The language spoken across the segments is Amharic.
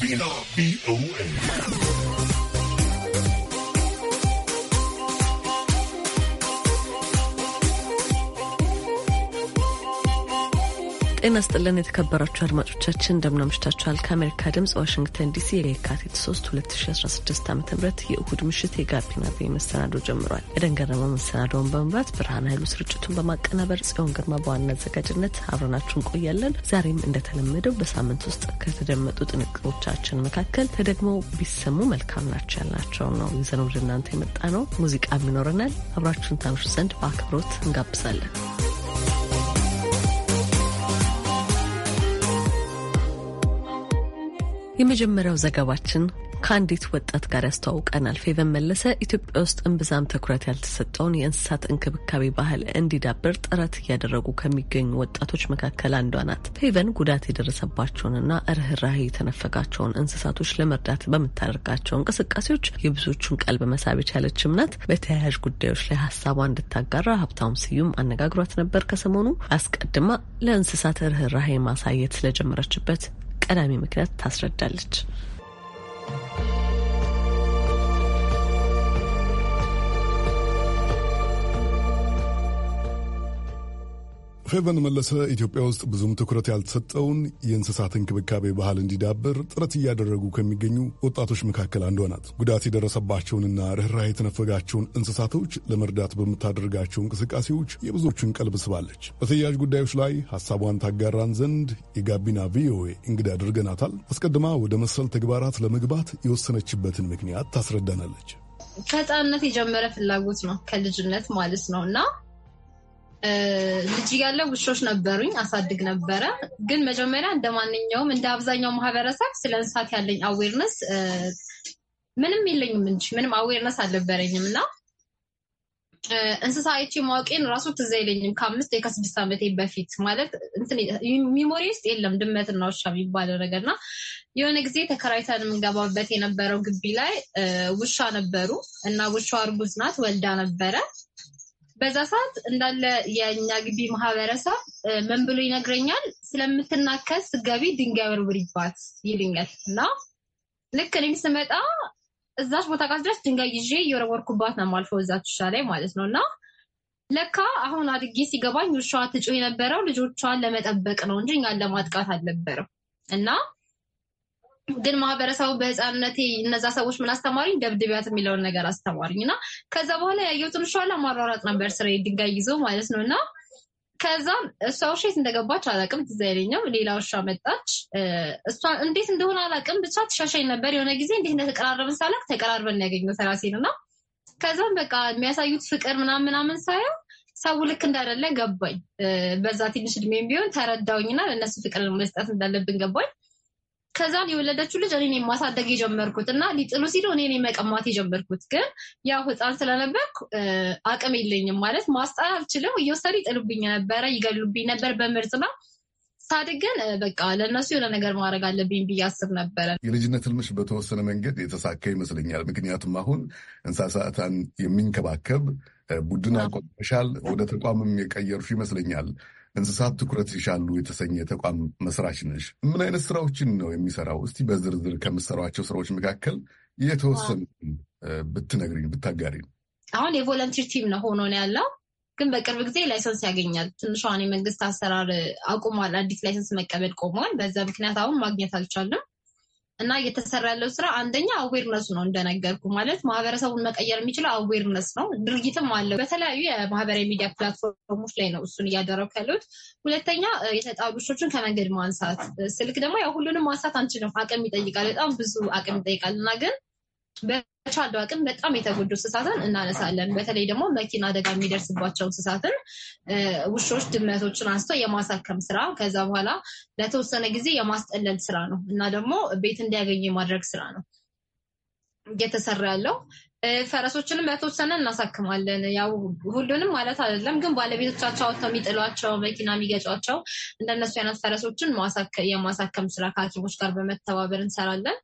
Bambino, B-O-A. ጤና ስጥልን የተከበራችሁ አድማጮቻችን እንደምናምሽታችኋል። ከአሜሪካ ድምጽ ዋሽንግተን ዲሲ የካቲት 3 2016 ዓ ም የእሁድ ምሽት የጋቢና መሰናዶ ጀምሯል። የደንገረመ መሰናዶውን በመምራት ብርሃን ኃይሉ ስርጭቱን በማቀናበር ጽዮን ግርማ በዋና አዘጋጅነት አብረናችሁ እንቆያለን። ዛሬም እንደተለመደው በሳምንት ውስጥ ከተደመጡ ጥንቅሮቻችን መካከል ተደግሞ ቢሰሙ መልካም ናቸው ያልናቸው ነው ይዘን ወደ እናንተ የመጣ ነው። ሙዚቃም ይኖረናል። አብራችሁን ታምሹ ዘንድ በአክብሮት እንጋብዛለን። የመጀመሪያው ዘገባችን ከአንዲት ወጣት ጋር ያስተዋውቀናል። ፌቨን መለሰ ኢትዮጵያ ውስጥ እምብዛም ትኩረት ያልተሰጠውን የእንስሳት እንክብካቤ ባህል እንዲዳብር ጥረት እያደረጉ ከሚገኙ ወጣቶች መካከል አንዷ ናት። ፌቨን ጉዳት የደረሰባቸውንና ርኅራሄ የተነፈጋቸውን እንስሳቶች ለመርዳት በምታደርጋቸው እንቅስቃሴዎች የብዙዎቹን ቀልብ መሳብ የቻለችም ናት። በተያያዥ ጉዳዮች ላይ ሀሳቧ እንድታጋራ ሀብታሙ ስዩም አነጋግሯት ነበር። ከሰሞኑ አስቀድማ ለእንስሳት ርኅራሄ ማሳየት ስለጀመረችበት ቀዳሚ ምክንያት ታስረዳለች። ፌቨን መለሰ ኢትዮጵያ ውስጥ ብዙም ትኩረት ያልተሰጠውን የእንስሳት እንክብካቤ ባህል እንዲዳብር ጥረት እያደረጉ ከሚገኙ ወጣቶች መካከል አንዷ ናት። ጉዳት የደረሰባቸውንና ርኅራ የተነፈጋቸውን እንስሳቶች ለመርዳት በምታደርጋቸው እንቅስቃሴዎች የብዙዎቹን ቀልብ ስባለች። በተያያዥ ጉዳዮች ላይ ሀሳቧን ታጋራን ዘንድ የጋቢና ቪኦኤ እንግዳ አድርገናታል። አስቀድማ ወደ መሰል ተግባራት ለመግባት የወሰነችበትን ምክንያት ታስረዳናለች። ከሕፃንነት የጀመረ ፍላጎት ነው ከልጅነት ማለት ነው እና ልጅ ያለው ውሾች ነበሩኝ፣ አሳድግ ነበረ። ግን መጀመሪያ እንደ ማንኛውም እንደ አብዛኛው ማህበረሰብ ስለ እንስሳት ያለኝ አዌርነስ ምንም የለኝም እንጂ ምንም አዌርነስ አልነበረኝም እና እንስሳ አይቼ ማወቄን ራሱ ትዝ አይለኝም። ከአምስት ከስድስት ዓመቴ በፊት ማለት ሚሞሪ ውስጥ የለም ድመትና ውሻ የሚባለው ነገር እና የሆነ ጊዜ ተከራይተን የምንገባበት የነበረው ግቢ ላይ ውሻ ነበሩ እና ውሻ እርጉዝ ናት ወልዳ ነበረ በዛ ሰዓት እንዳለ የእኛ ግቢ ማህበረሰብ ምን ብሎ ይነግረኛል? ስለምትናከስ ገቢ ድንጋይ ወርውሪባት ይልኛል እና ልክ እኔም ስመጣ እዛች ቦታ ጋር ድረስ ድንጋይ ይዤ እየወረወርኩባት ነው የማልፈው እዛች ውሻ ላይ ማለት ነው እና ለካ አሁን አድጌ ሲገባኝ ውሻዋ ትጮህ የነበረው ልጆቿን ለመጠበቅ ነው እንጂ እኛን ለማጥቃት አልነበረም እና ግን ማህበረሰቡ በህፃንነቴ እነዛ ሰዎች ምን አስተማሪኝ ደብድቢያት የሚለውን ነገር አስተማሪኝ እና ከዛ በኋላ ያየሁትን ውሻ ማሯሯጥ ነበር ስራ ድንጋይ ይዞ ማለት ነው እና ከዛ እሷ ውሸት እንደገባች አላቅም ትዝ አይለኝም። ሌላ ውሻ መጣች። እሷ እንዴት እንደሆነ አላቅም ብቻ ትሻሻኝ ነበር። የሆነ ጊዜ እንዴት እንደተቀራረብን ሳላቅ ተቀራርበን ያገኘው ተራሴን እና ከዛም በቃ የሚያሳዩት ፍቅር ምናምን ምናምን ሳየው ሰው ልክ እንዳደለ ገባኝ። በዛ ትንሽ እድሜም ቢሆን ተረዳውኝና ለእነሱ ፍቅር መስጠት እንዳለብን ገባኝ። ከዛን የወለደችው ልጅ እኔ ማሳደግ የጀመርኩት እና ሊጥሉ ሲሉ እኔ መቀማት የጀመርኩት ግን ያው ህፃን ስለነበርኩ አቅም የለኝም ማለት ማስጣል አልችልም። እየወሰዱ ይጥሉብኝ ነበረ፣ ይገሉብኝ ነበር በምርጽና ሳድግ ግን በቃ ለእነሱ የሆነ ነገር ማድረግ አለብኝ ብዬ አስብ ነበረ። የልጅነት ህልምሽ በተወሰነ መንገድ የተሳካ ይመስለኛል። ምክንያቱም አሁን እንስሳትን የሚንከባከብ ቡድን አቋቁመሻል፣ ወደ ተቋምም የቀየርሹ ይመስለኛል። እንስሳት ትኩረት ይሻሉ የተሰኘ ተቋም መስራች ነሽ። ምን አይነት ስራዎችን ነው የሚሰራው? እስቲ በዝርዝር ከምሰሯቸው ስራዎች መካከል የተወሰኑ ብትነግሪኝ ብታጋሪ። አሁን የቮለንቲር ቲም ነው ሆኖ ነው ያለው፣ ግን በቅርብ ጊዜ ላይሰንስ ያገኛል። ትንሿን የመንግስት አሰራር አቁሟል። አዲስ ላይሰንስ መቀበል ቆሟል። በዛ ምክንያት አሁን ማግኘት አልቻልም። እና እየተሰራ ያለው ስራ አንደኛ አዌርነሱ ነው እንደነገርኩ ማለት ማህበረሰቡን መቀየር የሚችለው አዌርነስ ነው። ድርጊትም አለው በተለያዩ የማህበራዊ ሚዲያ ፕላትፎርሞች ላይ ነው እሱን እያደረኩ ያለሁት። ሁለተኛ የተጣሉ ከመንገድ ማንሳት፣ ስልክ ደግሞ ያው ሁሉንም ማንሳት አንችልም፣ አቅም ይጠይቃል፣ በጣም ብዙ አቅም ይጠይቃል እና ግን በቻልነው አቅም በጣም የተጎዱ እንስሳትን እናነሳለን። በተለይ ደግሞ መኪና አደጋ የሚደርስባቸው እንስሳትን ውሾች፣ ድመቶችን አንስቶ የማሳከም ስራ ከዛ በኋላ ለተወሰነ ጊዜ የማስጠለል ስራ ነው እና ደግሞ ቤት እንዲያገኙ የማድረግ ስራ ነው እየተሰራ ያለው። ፈረሶችንም በተወሰነ እናሳክማለን። ያው ሁሉንም ማለት አይደለም፣ ግን ባለቤቶቻቸው አውጥተው የሚጥሏቸው መኪና የሚገጫቸው እንደነሱ አይነት ፈረሶችን የማሳከም ስራ ከሐኪሞች ጋር በመተባበር እንሰራለን።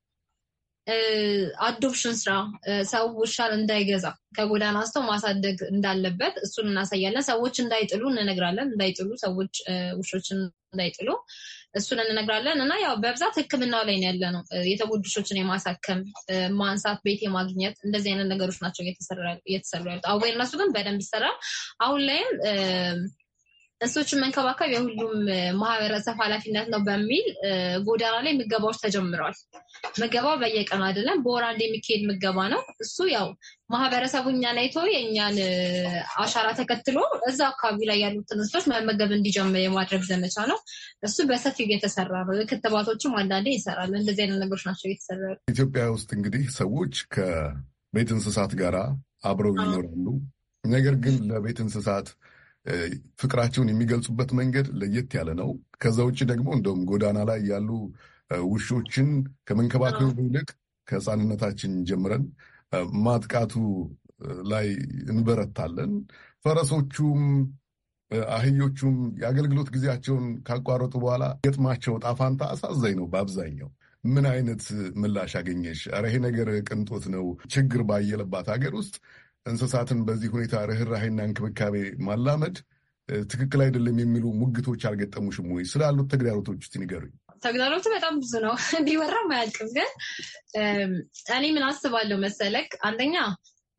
አዶፕሽን ስራ ሰው ውሻን እንዳይገዛ ከጎዳና አንስቶ ማሳደግ እንዳለበት እሱን እናሳያለን። ሰዎች እንዳይጥሉ እንነግራለን። እንዳይጥሉ ሰዎች ውሾችን እንዳይጥሉ እሱን እንነግራለን። እና ያው በብዛት ሕክምናው ላይ ያለ ነው። የተጎዱ ውሾችን የማሳከም ማንሳት፣ ቤት የማግኘት እንደዚህ አይነት ነገሮች ናቸው እየተሰሩ ያሉት። አዌርነሱ ግን በደንብ ይሰራል። አሁን ላይም እንስሶችን መንከባከብ የሁሉም ማህበረሰብ ኃላፊነት ነው በሚል ጎዳና ላይ ምገባዎች ተጀምረዋል። ምገባው በየቀኑ አይደለም፣ በወር አንድ የሚካሄድ ምገባ ነው። እሱ ያው ማህበረሰቡ እኛን አይቶ የእኛን አሻራ ተከትሎ እዛ አካባቢ ላይ ያሉት እንስሶች መመገብ እንዲጀምር የማድረግ ዘመቻ ነው። እሱ በሰፊው እየተሰራ ነው። ክትባቶችም አንዳንዴ ይሰራሉ። እንደዚህ አይነት ነገሮች ናቸው እየተሰራሉ። ኢትዮጵያ ውስጥ እንግዲህ ሰዎች ከቤት እንስሳት ጋር አብረው ይኖራሉ። ነገር ግን ለቤት እንስሳት ፍቅራቸውን የሚገልጹበት መንገድ ለየት ያለ ነው። ከዛ ውጭ ደግሞ እንደውም ጎዳና ላይ ያሉ ውሾችን ከመንከባከቡ ይልቅ ከህፃንነታችን ጀምረን ማጥቃቱ ላይ እንበረታለን። ፈረሶቹም አህዮቹም የአገልግሎት ጊዜያቸውን ካቋረጡ በኋላ ገጥማቸው ጣፋንታ አሳዛኝ ነው። በአብዛኛው ምን አይነት ምላሽ አገኘሽ? ኧረ ይሄ ነገር ቅንጦት ነው። ችግር ባየለባት ሀገር ውስጥ እንስሳትን በዚህ ሁኔታ ርኅራሄና እንክብካቤ ማላመድ ትክክል አይደለም የሚሉ ሙግቶች አልገጠሙሽም ወይ? ስላሉት ተግዳሮቶች እስኪ ተግዳሮቱ በጣም ብዙ ነው፣ ቢወራም አያልቅም። ግን እኔ ምን አስባለሁ መሰለክ፣ አንደኛ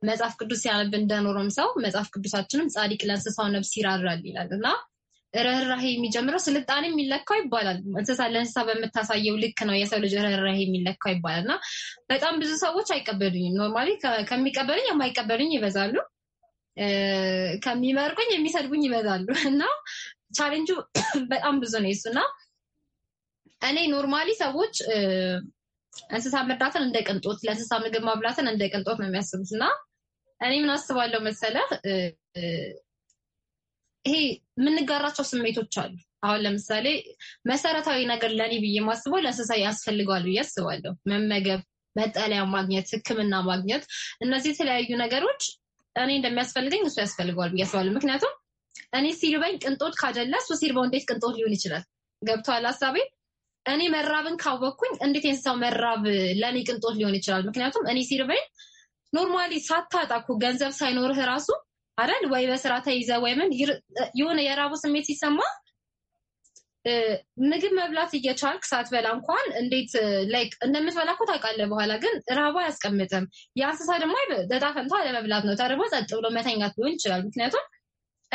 መጽሐፍ ቅዱስ ሲያነብ እንደኖረም ሰው መጽሐፍ ቅዱሳችንም ጻድቅ ለእንስሳው ነብስ ይራራል ይላል እና ርኅራሄ የሚጀምረው ስልጣኔ የሚለካው ይባላል እንስሳ ለእንስሳ በምታሳየው ልክ ነው የሰው ልጅ ርኅራሄ የሚለካው ይባላል እና በጣም ብዙ ሰዎች አይቀበሉኝም። ኖርማሊ ከሚቀበሉኝ የማይቀበሉኝ ይበዛሉ፣ ከሚመርቁኝ የሚሰድቡኝ ይበዛሉ እና ቻሌንጁ በጣም ብዙ ነው የሱ እና እኔ ኖርማሊ ሰዎች እንስሳ መርዳትን እንደ ቅንጦት፣ ለእንስሳ ምግብ ማብላትን እንደ ቅንጦት ነው የሚያስቡት እና እኔ ምን አስባለሁ መሰለህ ይሄ የምንጋራቸው ስሜቶች አሉ። አሁን ለምሳሌ መሰረታዊ ነገር ለኔ ብዬ ማስበው ለእንስሳ ያስፈልገዋል ብዬ አስባለሁ። መመገብ፣ መጠለያ ማግኘት፣ ሕክምና ማግኘት፣ እነዚህ የተለያዩ ነገሮች እኔ እንደሚያስፈልገኝ እሱ ያስፈልገዋል ብዬ አስባለሁ። ምክንያቱም እኔ ሲርበኝ ቅንጦት ካደለ እሱ ሲርበው እንዴት ቅንጦት ሊሆን ይችላል? ገብቶሃል ሀሳቤ? እኔ መራብን ካወቅኩኝ እንዴት የእንስሳው መራብ ለእኔ ቅንጦት ሊሆን ይችላል? ምክንያቱም እኔ ሲርበኝ ኖርማሊ ሳታጣኩ ገንዘብ ሳይኖርህ ራሱ አረን ወይ በስራ ተይዘ ወይ ምን የሆነ የራቡ ስሜት ሲሰማ ምግብ መብላት እየቻልክ ሳትበላ እንኳን እንዴት ላይክ እንደምትበላ እኮ ታውቃለህ። በኋላ ግን ራቡ አያስቀምጥም። የእንስሳ ደግሞ በጣ ፈንታ አለመብላት ነው። ተርቦ ጸጥ ብሎ መተኛት ሊሆን ይችላል። ምክንያቱም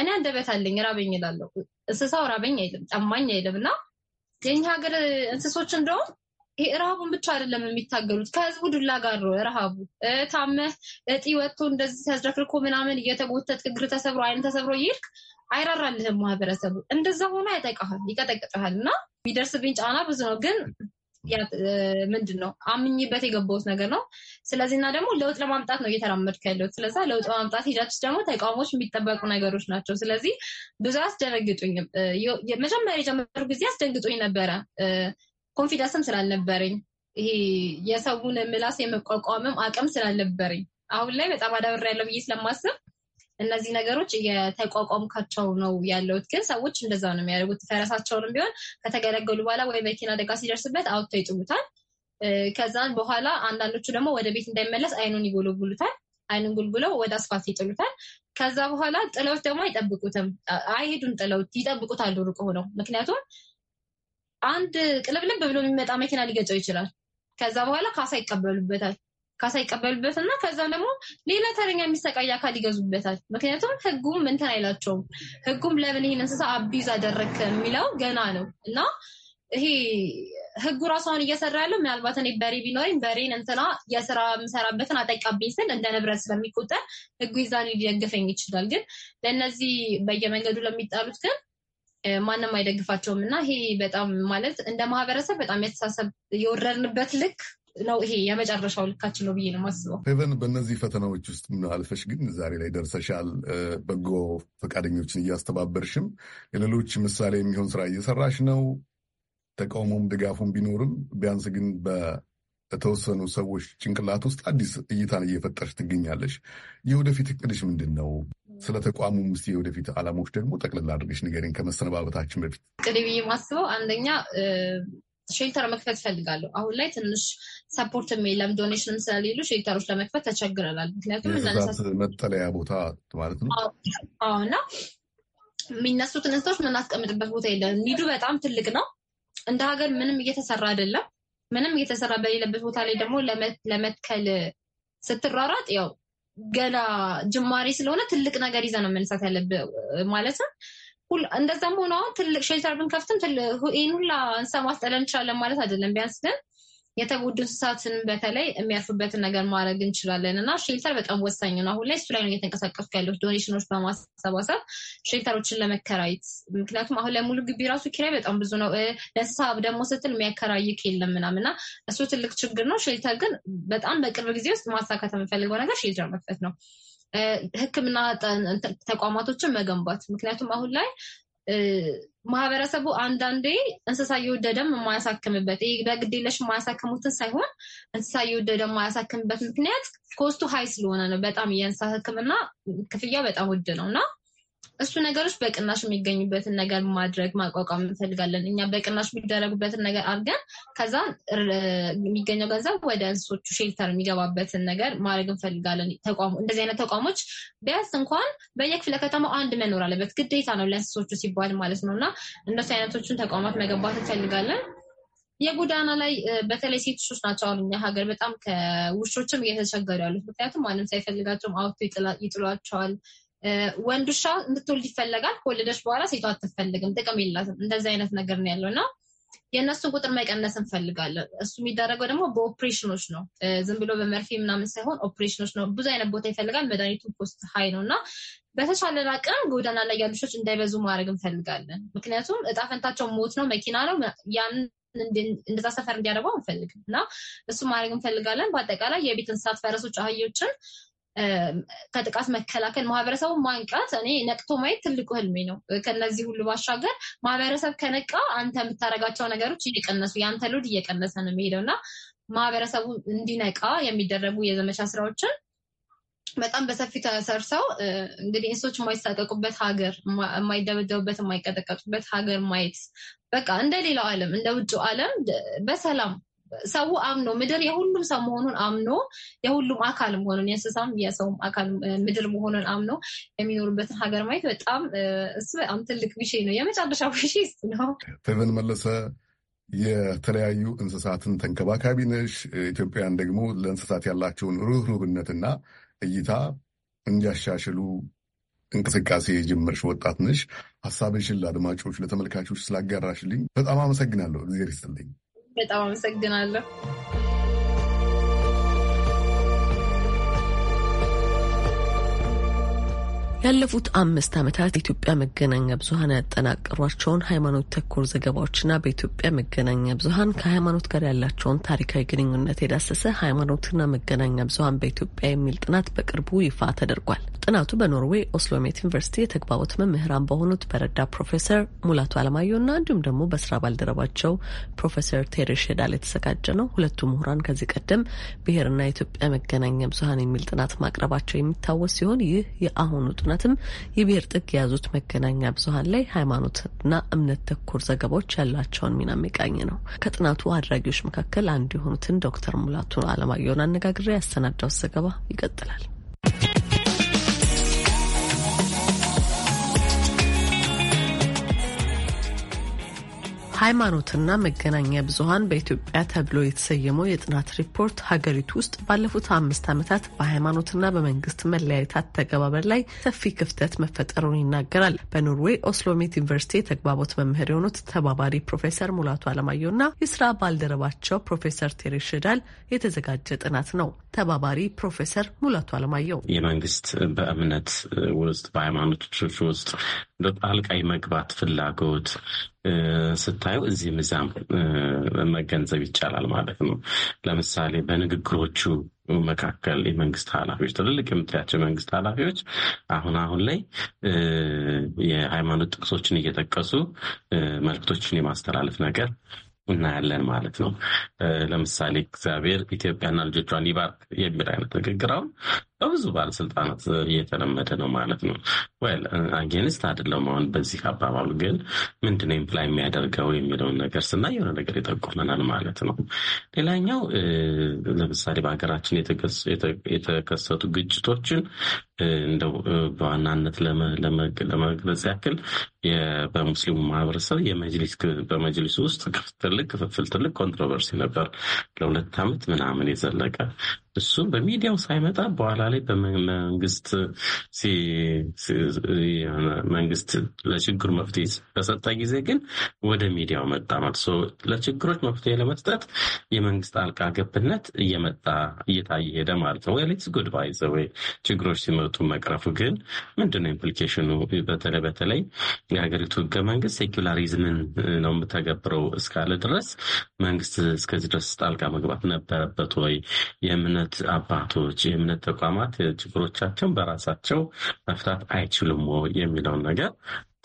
እኔ አንደበት አለኝ ራበኝ ይላለሁ። እንስሳው ራበኝ አይልም፣ ጠማኝ አይልም። እና የኛ ሀገር እንስሶች እንደውም ይሄ ረሃቡን ብቻ አይደለም የሚታገሉት ከህዝቡ ዱላ ጋር ነው። ረሃቡ ታመህ እጢ ወጥቶ እንደዚህ ሲያዝረክርኮ ምናምን እየተጎተት እግር ተሰብሮ አይን ተሰብሮ ይልክ አይራራልህም። ማህበረሰቡ እንደዛ ሆኖ አይጠቃሃል፣ ይቀጠቅጥሃል። እና የሚደርስብኝ ጫና ብዙ ነው ግን ምንድን ነው አምኝበት የገባሁት ነገር ነው። ስለዚህ እና ደግሞ ለውጥ ለማምጣት ነው እየተራመድክ ያለሁት። ስለዛ ለውጥ ለማምጣት ሂዳችሁ ደግሞ ተቃውሞች የሚጠበቁ ነገሮች ናቸው። ስለዚህ ብዙ አስደነግጡኝም። መጀመሪያ የጀመሩ ጊዜ አስደንግጡኝ ነበረ። ኮንፊደንስም ስላልነበረኝ ይሄ የሰውን ምላስ የመቋቋምም አቅም ስላልነበረኝ አሁን ላይ በጣም አዳብሬ ያለው ብዬ ስለማስብ እነዚህ ነገሮች እየተቋቋምካቸው ነው ያለሁት። ግን ሰዎች እንደዛ ነው የሚያደርጉት። ፈረሳቸውንም ቢሆን ከተገለገሉ በኋላ ወይ መኪና አደጋ ሲደርስበት አውጥተው ይጥሉታል። ከዛን በኋላ አንዳንዶቹ ደግሞ ወደ ቤት እንዳይመለስ አይኑን ይጎለጉሉታል። አይኑን ጉልጉለው ወደ አስፋልት ይጥሉታል። ከዛ በኋላ ጥለውት ደግሞ አይጠብቁትም፣ አይሄዱም። ጥለውት ይጠብቁታል ሩቅ ሆነው። ምክንያቱም አንድ ቅልብልብ ብሎ የሚመጣ መኪና ሊገጫው ይችላል። ከዛ በኋላ ካሳ ይቀበሉበታል። ካሳ ይቀበሉበት እና ከዛም ደግሞ ሌላ ተረኛ የሚሰቃይ አካል ይገዙበታል። ምክንያቱም ህጉም እንትን አይላቸውም። ህጉም ለምን ይህን እንስሳ አቢዝ አደረግክ የሚለው ገና ነው እና ይሄ ህጉ ራሷን እየሰራ ያለው ምናልባት እኔ በሬ ቢኖረኝ በሬን እንትና የስራ የምሰራበትን አጠቃብኝ ስል እንደ ንብረት ስለሚቆጠር ህጉ ይዛን ሊደግፈኝ ይችላል። ግን ለእነዚህ በየመንገዱ ለሚጣሉት ግን ማንም አይደግፋቸውም እና ይሄ በጣም ማለት እንደ ማህበረሰብ በጣም የተሳሰብ የወረድንበት ልክ ነው። ይሄ የመጨረሻው ልካችን ነው ብዬ ነው ማስበው። ሄቨን፣ በእነዚህ ፈተናዎች ውስጥ ምን አልፈሽ ግን ዛሬ ላይ ደርሰሻል። በጎ ፈቃደኞችን እያስተባበርሽም የሌሎች ምሳሌ የሚሆን ስራ እየሰራሽ ነው። ተቃውሞም ድጋፉም ቢኖርም ቢያንስ ግን በተወሰኑ ሰዎች ጭንቅላት ውስጥ አዲስ እይታን እየፈጠረች ትገኛለች። የወደፊት እቅድሽ ምንድን ነው? ስለ ተቋሙ ውስጥ የወደፊት ዓላማዎች ደግሞ ጠቅልላ አድርገሽ ንገሪኝ፣ ከመሰነባበታችን በፊት። ቅድ ብዬ ማስበው አንደኛ ሼልተር መክፈት እፈልጋለሁ። አሁን ላይ ትንሽ ሰፖርት የለም፣ ዶኔሽንም ስለሌሉ ሼልተሮች ለመክፈት ተቸግረናል። ምክንያቱም መጠለያ ቦታ ማለት ነው እና የሚነሱትን እንስቶች የምናስቀምጥበት ቦታ የለም። ኒዱ በጣም ትልቅ ነው። እንደ ሀገር ምንም እየተሰራ አይደለም። ምንም እየተሰራ በሌለበት ቦታ ላይ ደግሞ ለመትከል ስትራራጥ ያው ገና ጅማሬ ስለሆነ ትልቅ ነገር ይዘ ነው መነሳት ያለብ ማለት ነው። እንደዛም ሆኖ አሁን ትልቅ ሼልተር ብንከፍትም ይህን ሁላ እንስሳ ማስጠለል እንችላለን ማለት አይደለም። ቢያንስ ግን የተጎዱ እንስሳትን በተለይ የሚያርፉበትን ነገር ማድረግ እንችላለን እና ሼልተር በጣም ወሳኝ ነው። አሁን ላይ እሱ ላይ ነው እየተንቀሳቀሱ ያሉት ዶኔሽኖች በማሰባሰብ ሼልተሮችን ለመከራየት ምክንያቱም አሁን ላይ ሙሉ ግቢ ራሱ ኪራይ በጣም ብዙ ነው። ለእንስሳ ደግሞ ስትል የሚያከራይክ የለም ምናምን እና እሱ ትልቅ ችግር ነው። ሼልተር ግን በጣም በቅርብ ጊዜ ውስጥ ማሳካት የምፈልገው ነገር ሼልተር መክፈት ነው። ሕክምና ተቋማቶችን መገንባት ምክንያቱም አሁን ላይ ማህበረሰቡ አንዳንዴ እንስሳ እየወደደም የማያሳክምበት ይህ በግዴለሽ የማያሳክሙትን ሳይሆን እንስሳ እየወደደ የማያሳክምበት ምክንያት ኮስቱ ሀይ ስለሆነ ነው። በጣም የእንስሳ ሕክምና ክፍያ በጣም ውድ ነው እና እሱ ነገሮች በቅናሽ የሚገኙበትን ነገር ማድረግ ማቋቋም እንፈልጋለን። እኛ በቅናሽ የሚደረጉበትን ነገር አድርገን ከዛ የሚገኘው ገንዘብ ወደ እንስሶቹ ሼልተር የሚገባበትን ነገር ማድረግ እንፈልጋለን። እንደዚህ አይነት ተቋሞች ቢያንስ እንኳን በየክፍለ ከተማው አንድ መኖር አለበት፣ ግዴታ ነው ለእንስሶቹ ሲባል ማለት ነው። እና እንደሱ አይነቶችን ተቋማት መገንባት እንፈልጋለን። የጎዳና ላይ በተለይ ሴት ውሾች ናቸው። አሁን እኛ ሀገር በጣም ከውሾችም እየተቸገሩ ያሉት ምክንያቱም ማንም ሳይፈልጋቸውም አውቶ ይጥሏቸዋል። ወንድ ውሻ እንድትወልድ ይፈለጋል። ከወለደች በኋላ ሴቷ አትፈልግም፣ ጥቅም የላትም። እንደዚህ አይነት ነገር ነው ያለው እና የእነሱን ቁጥር መቀነስ እንፈልጋለን። እሱ የሚደረገው ደግሞ በኦፕሬሽኖች ነው፣ ዝም ብሎ በመርፌ ምናምን ሳይሆን ኦፕሬሽኖች ነው። ብዙ አይነት ቦታ ይፈልጋል። መድኃኒቱ ኮስት ሀይ ነው እና በተቻለን አቅም ጎዳና ላይ ያሉ ውሾች እንዳይበዙ ማድረግ እንፈልጋለን። ምክንያቱም እጣፈንታቸው ሞት ነው፣ መኪና ነው። ያን እንደዛ ሰፈር እንዲያደርገው አንፈልግም እና እሱ ማድረግ እንፈልጋለን። በአጠቃላይ የቤት እንስሳት ፈረሶች፣ አህዮችን ከጥቃት መከላከል ማህበረሰቡ ማንቃት እኔ ነቅቶ ማየት ትልቁ ህልሜ ነው። ከነዚህ ሁሉ ባሻገር ማህበረሰብ ከነቃ አንተ የምታደርጋቸው ነገሮች እየቀነሱ የአንተ ሎድ እየቀነሰ ነው የሚሄደው እና ማህበረሰቡ እንዲነቃ የሚደረጉ የዘመቻ ስራዎችን በጣም በሰፊ ተሰርሰው እንግዲህ እንስሶች የማይሳቀቁበት ሀገር፣ የማይደበደቡበት፣ የማይቀጠቀጡበት ሀገር ማየት በቃ እንደ ሌላው ዓለም እንደ ውጭ ዓለም በሰላም ሰው አምኖ ምድር የሁሉም ሰው መሆኑን አምኖ የሁሉም አካል መሆኑን የእንስሳም የሰውም አካል ምድር መሆኑን አምኖ የሚኖሩበትን ሀገር ማየት በጣም እሱ በጣም ትልቅ ቢሼ ነው። የመጨረሻ ቢሼ እሱ ነው። ፌቨን መለሰ የተለያዩ እንስሳትን ተንከባካቢ ነሽ። ኢትዮጵያን ደግሞ ለእንስሳት ያላቸውን ርኅሩህነትና እይታ እንዲያሻሽሉ እንቅስቃሴ የጀመርሽ ወጣት ነሽ። ሀሳብሽን ለአድማጮች ለተመልካቾች ስላጋራሽልኝ በጣም አመሰግናለሁ። እግዚአብሔር ይስጥልኝ። በጣም አመሰግናለሁ። ያለፉት አምስት ዓመታት የኢትዮጵያ መገናኛ ብዙሀን ያጠናቀሯቸውን ሃይማኖት ተኮር ዘገባዎችና በኢትዮጵያ መገናኛ ብዙሀን ከሃይማኖት ጋር ያላቸውን ታሪካዊ ግንኙነት የዳሰሰ ሃይማኖትና መገናኛ ብዙሀን በኢትዮጵያ የሚል ጥናት በቅርቡ ይፋ ተደርጓል። ጥናቱ በኖርዌይ ኦስሎሜት ዩኒቨርሲቲ የተግባቦት መምህራን በሆኑት በረዳ ፕሮፌሰር ሙላቱ አለማየሁና እንዲሁም ደግሞ በስራ ባልደረባቸው ፕሮፌሰር ቴሬሽ ሼዳል የተዘጋጀ ነው። ሁለቱ ምሁራን ከዚህ ቀደም ብሔርና የኢትዮጵያ መገናኛ ብዙኃን የሚል ጥናት ማቅረባቸው የሚታወስ ሲሆን ይህ የአሁኑ ጥናት ህጻናትም የብሔር ጥግ የያዙት መገናኛ ብዙሀን ላይ ሃይማኖትና እምነት ተኮር ዘገባዎች ያላቸውን ሚና የሚቃኝ ነው። ከጥናቱ አድራጊዎች መካከል አንዱ የሆኑትን ዶክተር ሙላቱ አለማየሁን አነጋግሬ ያሰናዳው ዘገባ ይቀጥላል። ሃይማኖትና መገናኛ ብዙሀን በኢትዮጵያ ተብሎ የተሰየመው የጥናት ሪፖርት ሀገሪቱ ውስጥ ባለፉት አምስት ዓመታት በሃይማኖትና በመንግስት መለያየት አተገባበር ላይ ሰፊ ክፍተት መፈጠሩን ይናገራል። በኖርዌይ ኦስሎሜት ዩኒቨርሲቲ የተግባቦት መምህር የሆኑት ተባባሪ ፕሮፌሰር ሙላቱ አለማየሁና የስራ ባልደረባቸው ፕሮፌሰር ቴሬሽዳል የተዘጋጀ ጥናት ነው። ተባባሪ ፕሮፌሰር ሙላቱ አለማየሁ የመንግስት በእምነት ውስጥ በሃይማኖቶች ውስጥ ጣልቃ መግባት ፍላጎት ስታዩ እዚህም እዚያም መገንዘብ ይቻላል ማለት ነው። ለምሳሌ በንግግሮቹ መካከል የመንግስት ኃላፊዎች ትልልቅ የምትያቸው የመንግስት ኃላፊዎች አሁን አሁን ላይ የሃይማኖት ጥቅሶችን እየጠቀሱ መልክቶችን የማስተላለፍ ነገር እናያለን ማለት ነው። ለምሳሌ እግዚአብሔር ኢትዮጵያና ልጆቿን ይባርክ የሚል አይነት ንግግር አሁን በብዙ ባለስልጣናት እየተለመደ ነው ማለት ነው። ወል አጌንስት አይደለም። አሁን በዚህ አባባሉ ግን ምንድነው ኢምፕላይ የሚያደርገው የሚለውን ነገር ስና የሆነ ነገር ይጠቁመናል ማለት ነው። ሌላኛው ለምሳሌ በሀገራችን የተከሰቱ ግጭቶችን እንደው በዋናነት ለመግለጽ ያክል በሙስሊሙ ማህበረሰብ በመጅሊሱ ውስጥ ትልቅ ክፍፍል፣ ትልቅ ኮንትሮቨርሲ ነበር ለሁለት ዓመት ምናምን የዘለቀ እሱም በሚዲያው ሳይመጣ በኋላ ላይ በመንግስት መንግስት ለችግሩ መፍትሄ በሰጠ ጊዜ ግን ወደ ሚዲያው መጣ ማለት ለችግሮች መፍትሄ ለመስጠት የመንግስት አልቃ ገብነት እየመጣ እየታየ ሄደ ማለት ነው። ወይ ጉድ ባይ ዘ ወይ ችግሮች ሲመጡ መቅረፉ ግን ምንድነው ኢምፕሊኬሽኑ? በተለይ በተለይ የሀገሪቱ ህገ መንግስት ሴኩላሪዝምን ነው የምተገብረው እስካለ ድረስ መንግስት እስከዚህ ድረስ ጣልቃ መግባት ነበረበት ወይ የምነ የእምነት አባቶች፣ የእምነት ተቋማት ችግሮቻቸውን በራሳቸው መፍታት አይችሉም የሚለውን ነገር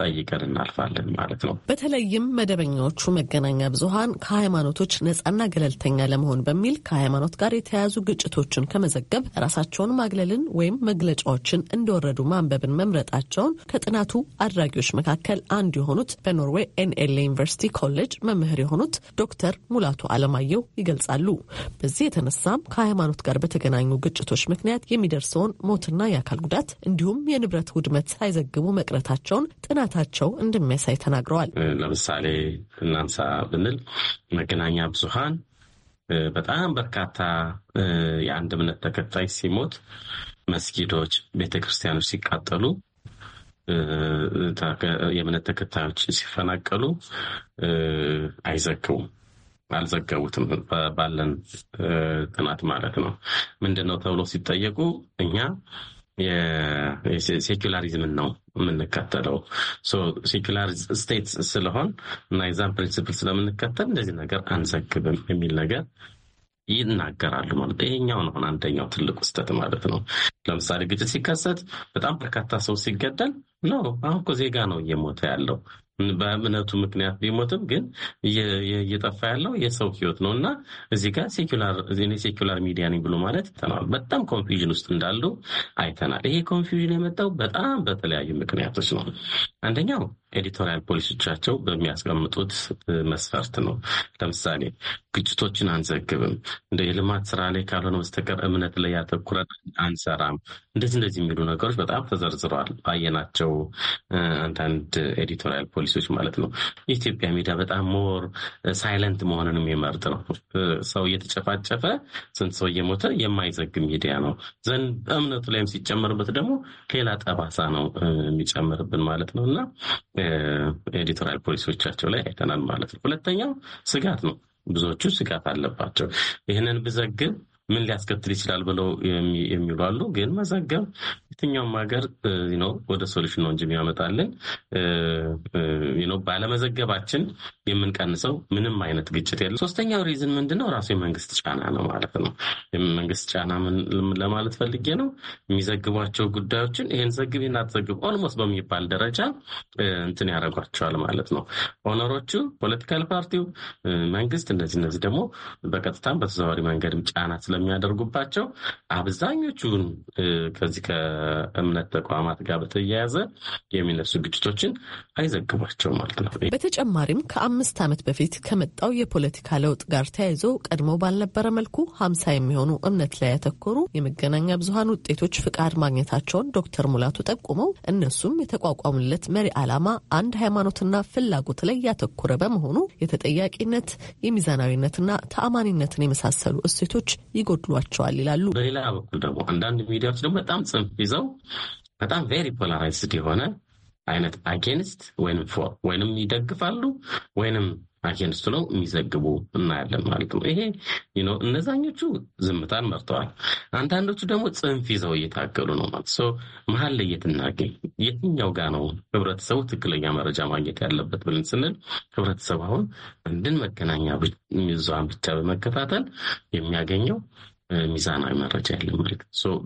ጠይቀን እናልፋለን ማለት ነው። በተለይም መደበኛዎቹ መገናኛ ብዙሀን ከሃይማኖቶች ነጻና ገለልተኛ ለመሆን በሚል ከሃይማኖት ጋር የተያያዙ ግጭቶችን ከመዘገብ ራሳቸውን ማግለልን ወይም መግለጫዎችን እንደወረዱ ማንበብን መምረጣቸውን ከጥናቱ አድራጊዎች መካከል አንዱ የሆኑት በኖርዌይ ኤንኤልኤ ዩኒቨርሲቲ ኮሌጅ መምህር የሆኑት ዶክተር ሙላቱ አለማየሁ ይገልጻሉ። በዚህ የተነሳም ከሃይማኖት ጋር በተገናኙ ግጭቶች ምክንያት የሚደርሰውን ሞትና የአካል ጉዳት እንዲሁም የንብረት ውድመት ሳይዘግቡ መቅረታቸውን ጥናት መምጣታቸው እንደሚያሳይ ተናግረዋል። ለምሳሌ እናንሳ ብንል መገናኛ ብዙሃን በጣም በርካታ የአንድ እምነት ተከታይ ሲሞት፣ መስጊዶች፣ ቤተክርስቲያኖች ሲቃጠሉ የእምነት ተከታዮች ሲፈናቀሉ አይዘግቡም። አልዘገቡትም። ባለን ጥናት ማለት ነው። ምንድን ነው ተብሎ ሲጠየቁ እኛ ሴኩላሪዝምን ነው የምንከተለው። ሴኩላር ስቴት ስለሆን እና የዛን ፕሪንስፕል ስለምንከተል እንደዚህ ነገር አንዘግብም የሚል ነገር ይናገራሉ ማለት ይሄኛው ነው አንደኛው ትልቁ ስህተት ማለት ነው። ለምሳሌ ግጭት ሲከሰት በጣም በርካታ ሰው ሲገደል ነው አሁን እኮ ዜጋ ነው እየሞተ ያለው በእምነቱ ምክንያት ቢሞትም ግን እየጠፋ ያለው የሰው ህይወት ነው እና እዚህ ጋር ሴኩላር ሚዲያ ነኝ ብሎ ማለት ይተናል። በጣም ኮንፊውዥን ውስጥ እንዳሉ አይተናል። ይሄ ኮንፊውዥን የመጣው በጣም በተለያዩ ምክንያቶች ነው። አንደኛው ኤዲቶሪያል ፖሊሲዎቻቸው በሚያስቀምጡት መስፈርት ነው። ለምሳሌ ግጭቶችን አንዘግብም፣ እንደ የልማት ስራ ላይ ካልሆነ በስተቀር እምነት ላይ ያተኩረን አንሰራም፣ እንደዚህ እንደዚህ የሚሉ ነገሮች በጣም ተዘርዝረዋል። ባየናቸው አንዳንድ ኤዲቶሪያል ፖሊሲዎች ማለት ነው። የኢትዮጵያ ሚዲያ በጣም ሞር ሳይለንት መሆንን የሚመርጥ ነው። ሰው እየተጨፋጨፈ ስንት ሰው እየሞተ የማይዘግብ ሚዲያ ነው። ዘን እምነቱ ላይም ሲጨመርበት ደግሞ ሌላ ጠባሳ ነው የሚጨምርብን ማለት ነው እና ኤዲቶሪያል ፖሊሲዎቻቸው ላይ አይተናል ማለት ነው። ሁለተኛው ስጋት ነው። ብዙዎቹ ስጋት አለባቸው። ይህንን ብዘግብ ምን ሊያስከትል ይችላል ብለው የሚሉ አሉ። ግን መዘገብ የትኛውም ሀገር ነው ወደ ሶሉሽን ነው እንጂ የሚያመጣልን ባለመዘገባችን የምንቀንሰው ምንም አይነት ግጭት የለም። ሶስተኛው ሪዝን ምንድነው? ራሱ የመንግስት ጫና ነው ማለት ነው። የመንግስት ጫና ለማለት ፈልጌ ነው። የሚዘግቧቸው ጉዳዮችን ይህን ዘግብ ይህን አትዘግብ ኦልሞስት በሚባል ደረጃ እንትን ያደርጓቸዋል ማለት ነው። ኦነሮቹ፣ ፖለቲካል ፓርቲው፣ መንግስት እነዚህ እነዚህ ደግሞ በቀጥታም በተዘዋዋሪ መንገድም ጫና ስለ ስለሚያደርጉባቸው አብዛኞቹን ከዚህ ከእምነት ተቋማት ጋር በተያያዘ የሚነሱ ግጭቶችን አይዘግቧቸው ማለት ነው። በተጨማሪም ከአምስት ዓመት በፊት ከመጣው የፖለቲካ ለውጥ ጋር ተያይዞ ቀድሞ ባልነበረ መልኩ ሀምሳ የሚሆኑ እምነት ላይ ያተኮሩ የመገናኛ ብዙሀን ውጤቶች ፍቃድ ማግኘታቸውን ዶክተር ሙላቱ ጠቁመው እነሱም የተቋቋሙለት መሪ ዓላማ አንድ ሃይማኖትና ፍላጎት ላይ ያተኮረ በመሆኑ የተጠያቂነት የሚዛናዊነትና ተአማኒነትን የመሳሰሉ እሴቶች ይጎ ይጎድሏቸዋል ይላሉ። በሌላ በኩል ደግሞ አንዳንድ ሚዲያዎች ደግሞ በጣም ጽንፍ ይዘው በጣም ቬሪ ፖላራይዝድ የሆነ አይነት አጌንስት ወይም ፎር ወይንም ይደግፋሉ ወይንም አጀንስት ነው የሚዘግቡ እናያለን ማለት ነው። ይሄ እነዛኞቹ ዝምታን መርተዋል። አንዳንዶቹ ደግሞ ጽንፍ ይዘው እየታገሉ ነው ማለት ሰው መሀል ላይ የትናገኝ የትኛው ጋ ነው ህብረተሰቡ ትክክለኛ መረጃ ማግኘት ያለበት ብለን ስንል ህብረተሰቡ አሁን አንድን መገናኛ ብዙሃን ብቻ በመከታተል የሚያገኘው ሚዛናዊ መረጃ ያለ ማለት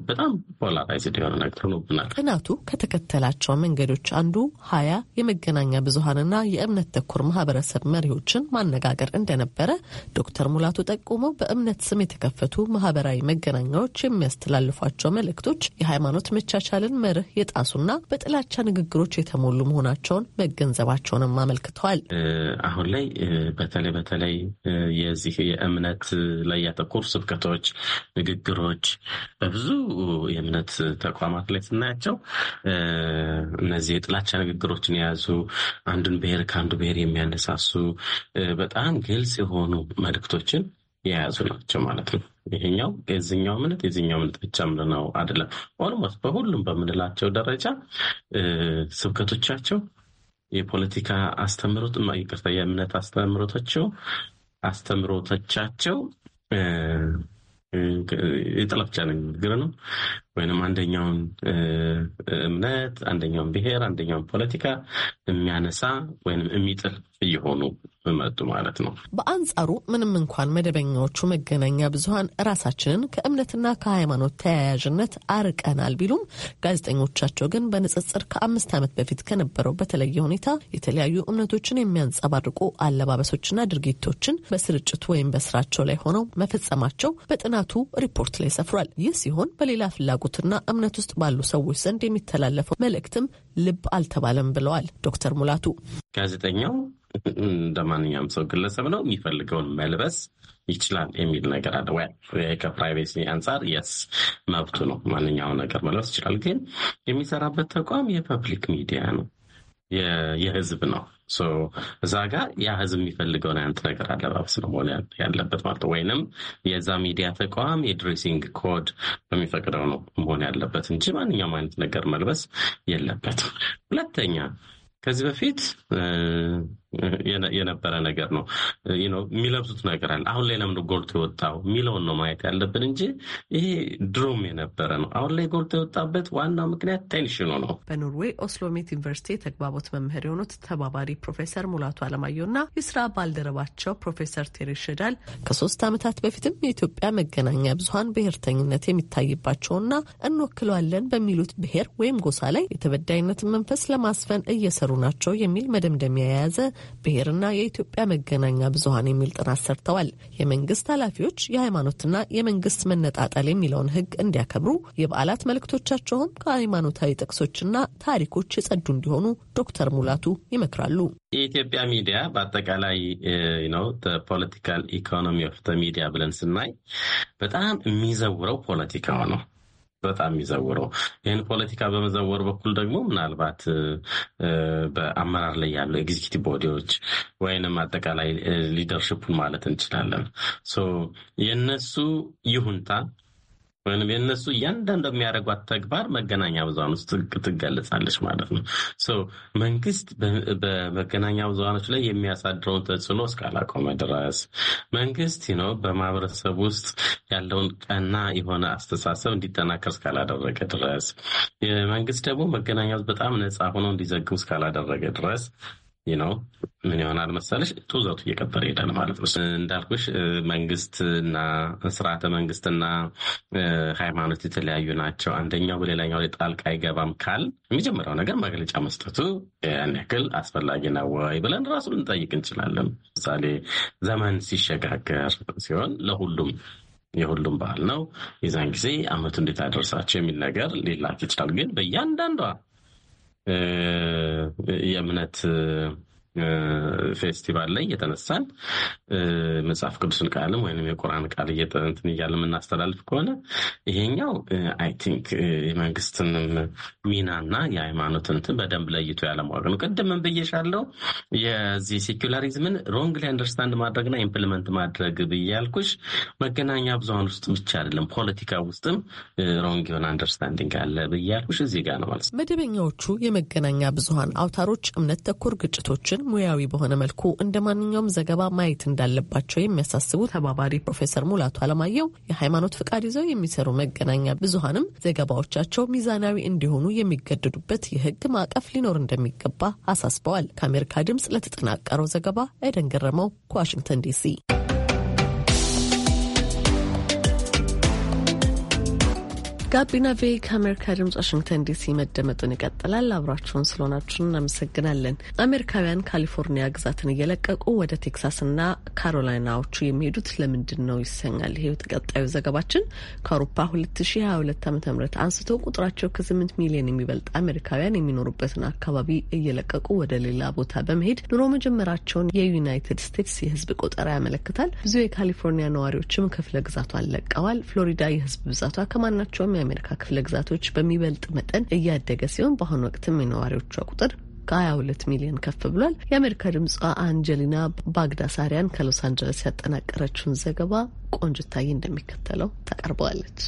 በጣም ፖላራይዝድ የሆነ ነገር ሆኖብናል። ጥናቱ ከተከተላቸው መንገዶች አንዱ ሀያ የመገናኛ ብዙሀንና የእምነት ተኮር ማህበረሰብ መሪዎችን ማነጋገር እንደነበረ ዶክተር ሙላቱ ጠቁመው በእምነት ስም የተከፈቱ ማህበራዊ መገናኛዎች የሚያስተላልፏቸው መልእክቶች የሃይማኖት መቻቻልን መርህ የጣሱና በጥላቻ ንግግሮች የተሞሉ መሆናቸውን መገንዘባቸውንም አመልክተዋል። አሁን ላይ በተለይ በተለይ የዚህ የእምነት ላይ ያተኮሩ ስብከቶች ንግግሮች በብዙ የእምነት ተቋማት ላይ ስናያቸው እነዚህ የጥላቻ ንግግሮችን የያዙ አንዱን ብሔር ከአንዱ ብሔር የሚያነሳሱ በጣም ግልጽ የሆኑ መልእክቶችን የያዙ ናቸው ማለት ነው። ይሄኛው የዚኛው እምነት የዚኛው እምነት ብቻ ምንነው አይደለም። ኦልሞስት በሁሉም በምንላቸው ደረጃ ስብከቶቻቸው የፖለቲካ አስተምሮት ይቅርታ፣ የእምነት አስተምሮቶቸው አስተምሮቶቻቸው የጠለፍቻ ነኝ ግር ነው ወይም አንደኛውን እምነት፣ አንደኛውን ብሔር፣ አንደኛውን ፖለቲካ የሚያነሳ ወይም የሚጥል እየሆኑ መጡ ማለት ነው። በአንጻሩ ምንም እንኳን መደበኛዎቹ መገናኛ ብዙኃን ራሳችንን ከእምነትና ከሃይማኖት ተያያዥነት አርቀናል ቢሉም ጋዜጠኞቻቸው ግን በንጽጽር ከአምስት ዓመት በፊት ከነበረው በተለየ ሁኔታ የተለያዩ እምነቶችን የሚያንጸባርቁ አለባበሶችና ድርጊቶችን በስርጭቱ ወይም በስራቸው ላይ ሆነው መፈጸማቸው በጥናቱ ሪፖርት ላይ ሰፍሯል። ይህ ሲሆን በሌላ ፍላጎት በሚያውቁትና እምነት ውስጥ ባሉ ሰዎች ዘንድ የሚተላለፈው መልእክትም ልብ አልተባለም ብለዋል ዶክተር ሙላቱ። ጋዜጠኛው እንደ ማንኛውም ሰው ግለሰብ ነው፣ የሚፈልገውን መልበስ ይችላል የሚል ነገር አለ። ከፕራይቬሲ አንጻር የስ መብቱ ነው፣ ማንኛውም ነገር መልበስ ይችላል። ግን የሚሰራበት ተቋም የፐብሊክ ሚዲያ ነው፣ የህዝብ ነው። እዛ ጋር ያ ህዝብ የሚፈልገውን አይነት ነገር አለባበስ ነው መሆን ያለበት ማለት ነው። ወይንም የዛ ሚዲያ ተቋም የድሬሲንግ ኮድ በሚፈቅደው ነው መሆን ያለበት እንጂ ማንኛውም አይነት ነገር መልበስ የለበትም። ሁለተኛ ከዚህ በፊት የነበረ ነገር ነው። የሚለብሱት ነገር አለ። አሁን ላይ ለምን ጎልቶ የወጣው የሚለውን ነው ማየት ያለብን እንጂ ይሄ ድሮም የነበረ ነው። አሁን ላይ ጎልቶ የወጣበት ዋናው ምክንያት ቴንሽኑ ነው። በኖርዌይ ኦስሎሜት ዩኒቨርሲቲ የተግባቦት መምህር የሆኑት ተባባሪ ፕሮፌሰር ሙላቱ አለማየሁና የስራ ባልደረባቸው ፕሮፌሰር ቴሬ ሸዳል ከሶስት ዓመታት በፊትም የኢትዮጵያ መገናኛ ብዙሀን ብሔርተኝነት የሚታይባቸውና እንወክለዋለን በሚሉት ብሔር ወይም ጎሳ ላይ የተበዳይነትን መንፈስ ለማስፈን እየሰሩ ናቸው የሚል መደምደሚያ የያዘ ብሔርና የኢትዮጵያ መገናኛ ብዙሀን የሚል ጥናት ሰርተዋል። የመንግስት ኃላፊዎች የሃይማኖትና የመንግስት መነጣጠል የሚለውን ህግ እንዲያከብሩ፣ የበዓላት መልእክቶቻቸውም ከሃይማኖታዊ ጥቅሶችና ታሪኮች የጸዱ እንዲሆኑ ዶክተር ሙላቱ ይመክራሉ። የኢትዮጵያ ሚዲያ በአጠቃላይ ነው ፖለቲካል ኢኮኖሚ ኦፍ ሚዲያ ብለን ስናይ በጣም የሚዘውረው ፖለቲካው ነው። በጣም የሚዘውረው ይህን ፖለቲካ በመዘወር በኩል ደግሞ ምናልባት በአመራር ላይ ያሉ ኤግዚኪቲቭ ቦዲዎች ወይንም አጠቃላይ ሊደርሽፑን ማለት እንችላለን የነሱ ይሁንታ ወይም የእነሱ እያንዳንዱ የሚያደርጓት ተግባር መገናኛ ብዙሀን ውስጥ ትገለጻለች ማለት ነው። መንግስት በመገናኛ ብዙሀኖች ላይ የሚያሳድረውን ተጽዕኖ እስካላቆመ ድረስ መንግስት ነው በማህበረሰብ ውስጥ ያለውን ቀና የሆነ አስተሳሰብ እንዲጠናከር እስካላደረገ ድረስ መንግስት ደግሞ መገናኛ በጣም ነፃ ሆኖ እንዲዘግቡ እስካላደረገ ድረስ ነው ምን ይሆናል መሰለሽ ጡዘቱ እየቀጠለ ይሄዳል ማለት ነው። እንዳልኩሽ መንግስት እና ስርዓተ መንግስትና ሃይማኖት የተለያዩ ናቸው። አንደኛው በሌላኛው ላይ ጣልቃ አይገባም ካል የመጀመሪያው ነገር መግለጫ መስጠቱ ያን ያክል አስፈላጊ ነው ወይ ብለን ራሱ ልንጠይቅ እንችላለን። ምሳሌ ዘመን ሲሸጋገር ሲሆን ለሁሉም የሁሉም በዓል ነው። የዛን ጊዜ አመቱ እንዴት አደረሳቸው የሚል ነገር ሊላክ ይችላል። ግን በእያንዳንዷ የእምነት ፌስቲቫል ላይ እየተነሳን መጽሐፍ ቅዱስን ቃልም ወይም የቁርአን ቃል እየጠንትን እያለ የምናስተላልፍ ከሆነ ይሄኛው አይ ቲንክ የመንግስትንም ሚናና የሃይማኖት እንትን በደንብ ለይቶ ያለማወቅ ነው። ቅድምን ብዬሻለው የዚህ ሴኩላሪዝምን ሮንግ ላይ አንደርስታንድ ማድረግና ኢምፕሊመንት ማድረግ ብያልኩሽ መገናኛ ብዙሀን ውስጥ ብቻ አይደለም ፖለቲካ ውስጥም ሮንግ የሆነ አንደርስታንዲንግ አለ ብያልኩሽ እዚህ ጋር ነው ማለት ነው። መደበኛዎቹ የመገናኛ ብዙሀን አውታሮች እምነት ተኮር ግጭቶችን ሙያዊ በሆነ መልኩ እንደ ማንኛውም ዘገባ ማየት እንዳለባቸው የሚያሳስቡ ተባባሪ ፕሮፌሰር ሙላቱ አለማየሁ የሃይማኖት ፍቃድ ይዘው የሚሰሩ መገናኛ ብዙሀንም ዘገባዎቻቸው ሚዛናዊ እንዲሆኑ የሚገደዱበት የህግ ማዕቀፍ ሊኖር እንደሚገባ አሳስበዋል። ከአሜሪካ ድምጽ ለተጠናቀረው ዘገባ ኤደን ገረመው ከዋሽንግተን ዲሲ ጋቢና ቬ ከአሜሪካ ድምጽ ዋሽንግተን ዲሲ መደመጡን ይቀጥላል። አብራችሁን ስለሆናችሁን እናመሰግናለን። አሜሪካውያን ካሊፎርኒያ ግዛትን እየለቀቁ ወደ ቴክሳስና ካሮላይናዎቹ የሚሄዱት ለምንድን ነው ይሰኛል ይሄ ተቀጣዩ ዘገባችን። ከአውሮፓ 2022 ዓ ም አንስቶ ቁጥራቸው ከ8 ሚሊዮን የሚበልጥ አሜሪካውያን የሚኖሩበትን አካባቢ እየለቀቁ ወደ ሌላ ቦታ በመሄድ ኑሮ መጀመራቸውን የዩናይትድ ስቴትስ የህዝብ ቆጠራ ያመለክታል። ብዙ የካሊፎርኒያ ነዋሪዎችም ክፍለ ግዛቷን ለቀዋል። ፍሎሪዳ የህዝብ ብዛቷ ከማናቸውም የአሜሪካ ክፍለ ግዛቶች በሚበልጥ መጠን እያደገ ሲሆን በአሁኑ ወቅትም የነዋሪዎቿ ቁጥር ከ22 ሚሊዮን ከፍ ብሏል። የአሜሪካ ድምጿ አንጀሊና ባግዳሳሪያን ከሎስ አንጀለስ ያጠናቀረችውን ዘገባ ቆንጅታዬ እንደሚከተለው ታቀርበዋለች።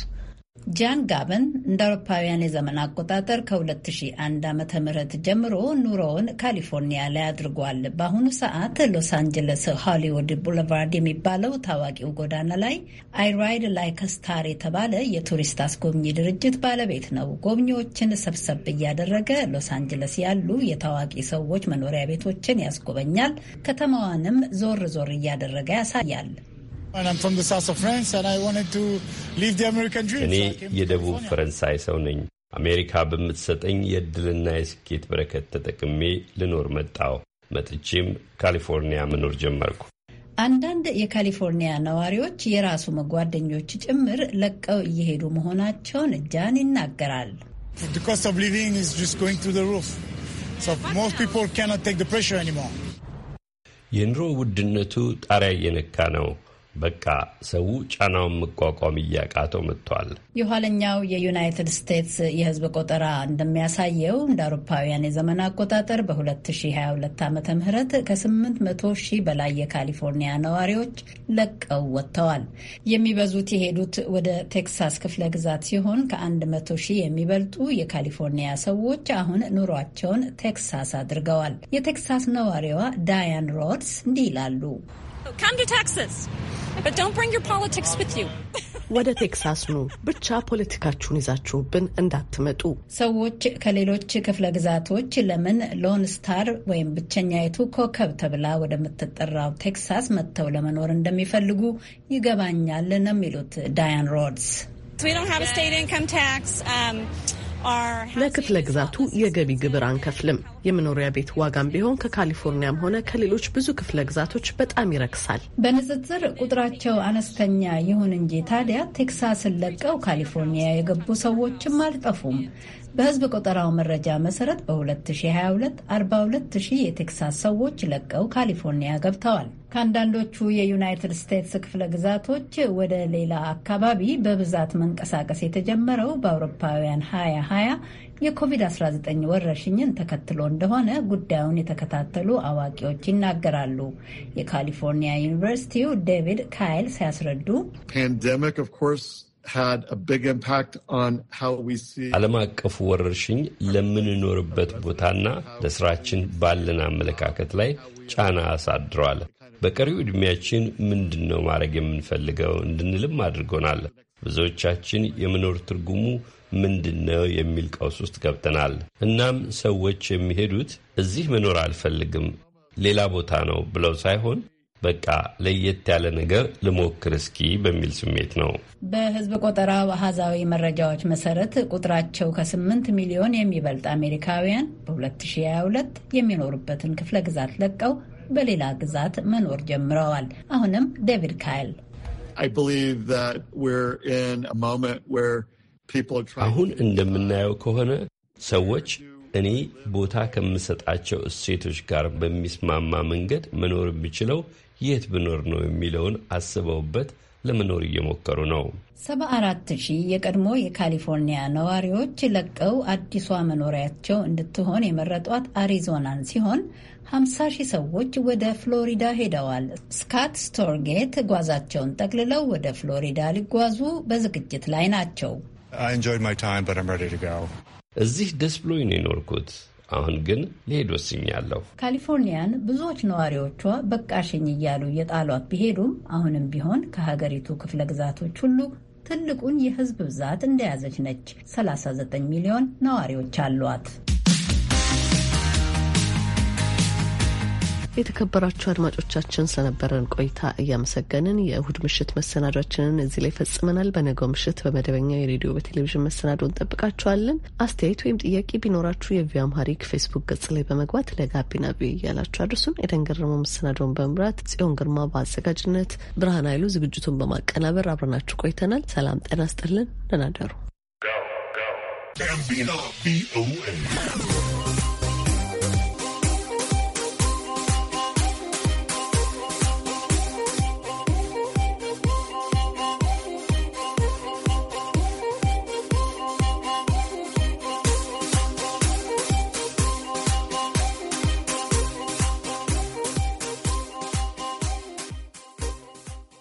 ጃን ጋበን እንደ አውሮፓውያን የዘመን አቆጣጠር ከ2001 ዓ.ም ጀምሮ ኑሮውን ካሊፎርኒያ ላይ አድርጓል። በአሁኑ ሰዓት ሎስ አንጀለስ ሆሊውድ ቡለቫርድ የሚባለው ታዋቂው ጎዳና ላይ አይራይድ ላይክ ስታር የተባለ የቱሪስት አስጎብኚ ድርጅት ባለቤት ነው። ጎብኚዎችን ሰብሰብ እያደረገ ሎስ አንጀለስ ያሉ የታዋቂ ሰዎች መኖሪያ ቤቶችን ያስጎበኛል። ከተማዋንም ዞር ዞር እያደረገ ያሳያል። እኔ የደቡብ ፈረንሳይ ሰው ነኝ። አሜሪካ በምትሰጠኝ የእድልና የስኬት በረከት ተጠቅሜ ልኖር መጣው መጥቼም ካሊፎርኒያ መኖር ጀመርኩ። አንዳንድ የካሊፎርኒያ ነዋሪዎች የራሱ መጓደኞች ጭምር ለቀው እየሄዱ መሆናቸውን እጃን ይናገራል። የኑሮ ውድነቱ ጣሪያ እየነካ ነው። በቃ ሰው ጫናውን መቋቋም እያቃተው መጥቷል። የኋለኛው የዩናይትድ ስቴትስ የህዝብ ቆጠራ እንደሚያሳየው እንደ አውሮፓውያን የዘመን አቆጣጠር በ2022 ዓ ም ከ800 ሺህ በላይ የካሊፎርኒያ ነዋሪዎች ለቀው ወጥተዋል። የሚበዙት የሄዱት ወደ ቴክሳስ ክፍለ ግዛት ሲሆን ከ100 ሺህ የሚበልጡ የካሊፎርኒያ ሰዎች አሁን ኑሯቸውን ቴክሳስ አድርገዋል። የቴክሳስ ነዋሪዋ ዳያን ሮድስ እንዲህ ይላሉ። Come to Texas. But don't bring your politics with you. ወደ ቴክሳስ ኑ፣ ብቻ ፖለቲካችሁን ይዛችሁብን እንዳትመጡ። ሰዎች ከሌሎች ክፍለ ግዛቶች ለምን ሎን ስታር ወይም ብቸኛይቱ ኮከብ ተብላ ወደምትጠራው ቴክሳስ መጥተው ለመኖር እንደሚፈልጉ ይገባኛል ነው የሚሉት ዳያን ሮድስ። ለክፍለ ግዛቱ የገቢ ግብር አንከፍልም። የመኖሪያ ቤት ዋጋም ቢሆን ከካሊፎርኒያም ሆነ ከሌሎች ብዙ ክፍለ ግዛቶች በጣም ይረክሳል። በንጽጽር ቁጥራቸው አነስተኛ ይሁን እንጂ ታዲያ ቴክሳስን ለቀው ካሊፎርኒያ የገቡ ሰዎችም አልጠፉም። በህዝብ ቆጠራው መረጃ መሰረት በ2022 42000 የቴክሳስ ሰዎች ለቀው ካሊፎርኒያ ገብተዋል። ከአንዳንዶቹ የዩናይትድ ስቴትስ ክፍለ ግዛቶች ወደ ሌላ አካባቢ በብዛት መንቀሳቀስ የተጀመረው በአውሮፓውያን 2020 የኮቪድ-19 ወረርሽኝን ተከትሎ እንደሆነ ጉዳዩን የተከታተሉ አዋቂዎች ይናገራሉ። የካሊፎርኒያ ዩኒቨርሲቲው ዴቪድ ካይል ሲያስረዱ ፓንደሚክ ኦፍ ኮርስ ዓለም አቀፉ ወረርሽኝ ለምንኖርበት ቦታና ለስራችን ባለን አመለካከት ላይ ጫና አሳድሯል። በቀሪው ዕድሜያችን ምንድን ነው ማድረግ የምንፈልገው እንድንልም አድርጎናል። ብዙዎቻችን የመኖር ትርጉሙ ምንድን ነው የሚል ቀውስ ውስጥ ገብተናል። እናም ሰዎች የሚሄዱት እዚህ መኖር አልፈልግም፣ ሌላ ቦታ ነው ብለው ሳይሆን በቃ ለየት ያለ ነገር ልሞክር እስኪ በሚል ስሜት ነው። በህዝብ ቆጠራ አሃዛዊ መረጃዎች መሰረት ቁጥራቸው ከ8 ሚሊዮን የሚበልጥ አሜሪካውያን በ2022 የሚኖሩበትን ክፍለ ግዛት ለቀው በሌላ ግዛት መኖር ጀምረዋል። አሁንም ዴቪድ ካይል አሁን እንደምናየው ከሆነ ሰዎች እኔ ቦታ ከምሰጣቸው እሴቶች ጋር በሚስማማ መንገድ መኖር ብችለው የት ብኖር ነው የሚለውን አስበውበት ለመኖር እየሞከሩ ነው። ሰባ አራት ሺህ የቀድሞ የካሊፎርኒያ ነዋሪዎች ለቀው አዲሷ መኖሪያቸው እንድትሆን የመረጧት አሪዞናን ሲሆን 50 ሺህ ሰዎች ወደ ፍሎሪዳ ሄደዋል። ስካት ስቶርጌት ጓዛቸውን ጠቅልለው ወደ ፍሎሪዳ ሊጓዙ በዝግጅት ላይ ናቸው። እዚህ ደስ ብሎኝ ነው የኖርኩት። አሁን ግን ልሄድ ወስኛለሁ። ካሊፎርኒያን ብዙዎች ነዋሪዎቿ በቃሽኝ እያሉ የጣሏት ቢሄዱም አሁንም ቢሆን ከሀገሪቱ ክፍለ ግዛቶች ሁሉ ትልቁን የሕዝብ ብዛት እንደያዘች ነች። 39 ሚሊዮን ነዋሪዎች አሏት። የተከበራችሁ አድማጮቻችን ስለነበረን ቆይታ እያመሰገንን የእሁድ ምሽት መሰናዷችንን እዚህ ላይ ፈጽመናል። በነገው ምሽት በመደበኛ የሬዲዮ በቴሌቪዥን መሰናዶ እንጠብቃችኋለን። አስተያየት ወይም ጥያቄ ቢኖራችሁ የቪኦኤ አምሃሪክ ፌስቡክ ገጽ ላይ በመግባት ለጋቢና ቪ እያላችሁ አድርሱን። የደንገረመው መሰናዶውን በመምራት ጽዮን ግርማ፣ በአዘጋጅነት ብርሃን ኃይሉ፣ ዝግጅቱን በማቀናበር አብረናችሁ ቆይተናል። ሰላም ጤና ስጥልን። ደህና ደሩ።